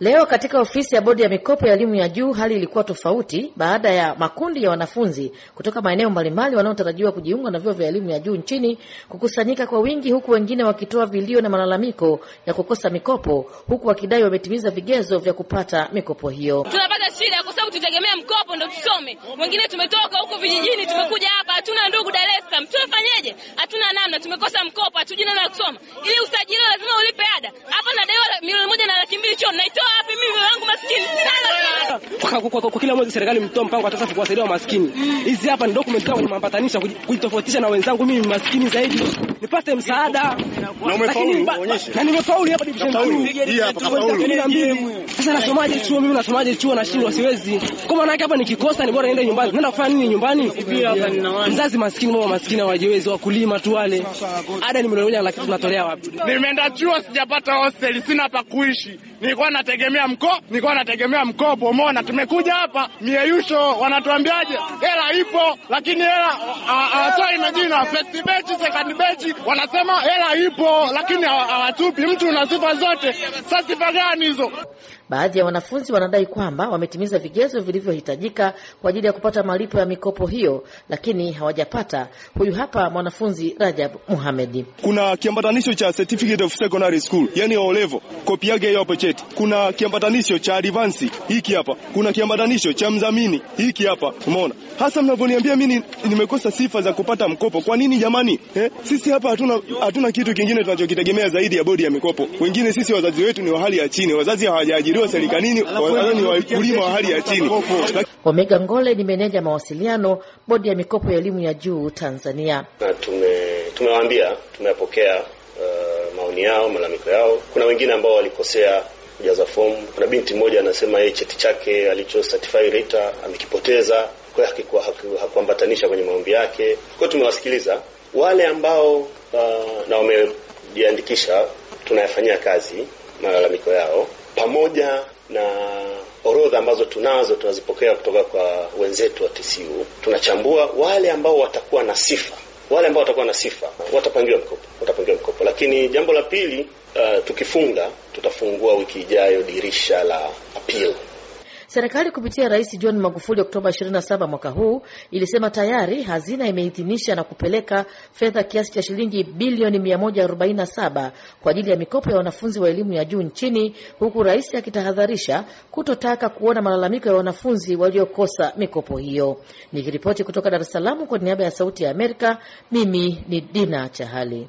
Leo katika ofisi ya bodi ya mikopo ya elimu ya juu hali ilikuwa tofauti baada ya makundi ya wanafunzi kutoka maeneo mbalimbali wanaotarajiwa kujiunga na vyuo vya elimu ya juu nchini kukusanyika kwa wingi, huku wengine wakitoa vilio na malalamiko ya kukosa mikopo, huku wakidai wametimiza vigezo vya kupata mikopo hiyo. Tunapata shida kwa sababu tutegemea mkopo ndo tusome, wengine tumetoka huko vijijini, tumekuja hapa, hatuna ndugu Dar es Salaam, tunafanyeje? Hatuna namna, tumekosa mkopo, hatujui namna ya kusoma. Ili usajili lazima ulipe kwa, kwa kila mwezi serikali mtoa mpango wa kuwasaidia wa maskini. Hizi hapa ni document kwa nimepatanisha kujitofautisha na wenzangu, mimi maskini zaidi nipate msaada. Na umefaulu, na nimefaulu hapa division 2 hii hapa kafaulu sasa nasomaje chuo mimi, nasomaje chuo, na shule siwezi. Kwa maana yake hapa nikikosa ni bora niende nyumbani. Naenda kufanya nini nyumbani? Mzazi maskini, mama maskini, hawajiwezi, wakulima tu wale. Ada ni milioni moja, lakini tunatolea wapi? Nimeenda chuo sijapata hostel, sina pa kuishi. Nilikuwa nategemea mko, nilikuwa nategemea mkopo. Umeona, tumekuja hapa mieyusho, wanatuambiaje? Hela ipo, lakini hela hawatoi majina. First batch, second batch, wanasema hela ipo, lakini hawatupi. Mtu una sifa zote, sasa sifa gani hizo? Baadhi ya wanafunzi wanadai kwamba wametimiza vigezo vilivyohitajika kwa ajili ya kupata malipo ya mikopo hiyo, lakini hawajapata. Huyu hapa mwanafunzi Rajab Muhamedi. Kuna kiambatanisho cha certificate of secondary school, yani O level, kopi yake hiyo hapo cheti. Kuna kiambatanisho cha advance hiki hapa, kuna kiambatanisho cha mzamini hiki hapa. Umeona hasa mnavyoniambia mimi nimekosa sifa za kupata mkopo. Kwa nini jamani eh? Sisi hapa hatuna, hatuna kitu kingine tunachokitegemea zaidi ya bodi ya mikopo. Wengine sisi wazazi wetu ni wa hali ya chini, wazazi hawajaajiri wanasaidiwa serikalini, ni wakulima wa hali ya chini. Omega Ngole ni meneja mawasiliano bodi ya mikopo ya elimu ya juu Tanzania. Na tume tumeyapokea uh, maoni yao, malalamiko yao. Kuna wengine ambao walikosea kujaza fomu. Kuna binti mmoja anasema yeye cheti chake alicho certify letter amekipoteza, kwa hakuambatanisha kwenye maombi yake. Kwa tumewasikiliza wale ambao uh, na wamejiandikisha, tunayafanyia kazi malalamiko yao pamoja na orodha ambazo tunazo tunazipokea kutoka kwa wenzetu wa TCU. Tunachambua wale ambao watakuwa na sifa, wale ambao watakuwa na sifa watapangiwa mkopo, watapangiwa mkopo. Lakini jambo la pili, uh, tukifunga tutafungua wiki ijayo dirisha la appeal Serikali kupitia Rais John Magufuli Oktoba 27 mwaka huu ilisema tayari hazina imeidhinisha na kupeleka fedha kiasi cha shilingi bilioni 147 kwa ajili ya mikopo ya wanafunzi wa elimu ya juu nchini, huku rais akitahadharisha kutotaka kuona malalamiko ya wanafunzi waliokosa mikopo hiyo. Nikiripoti kutoka Dar es Salaam kwa niaba ya Sauti ya Amerika, mimi ni Dina Chahali.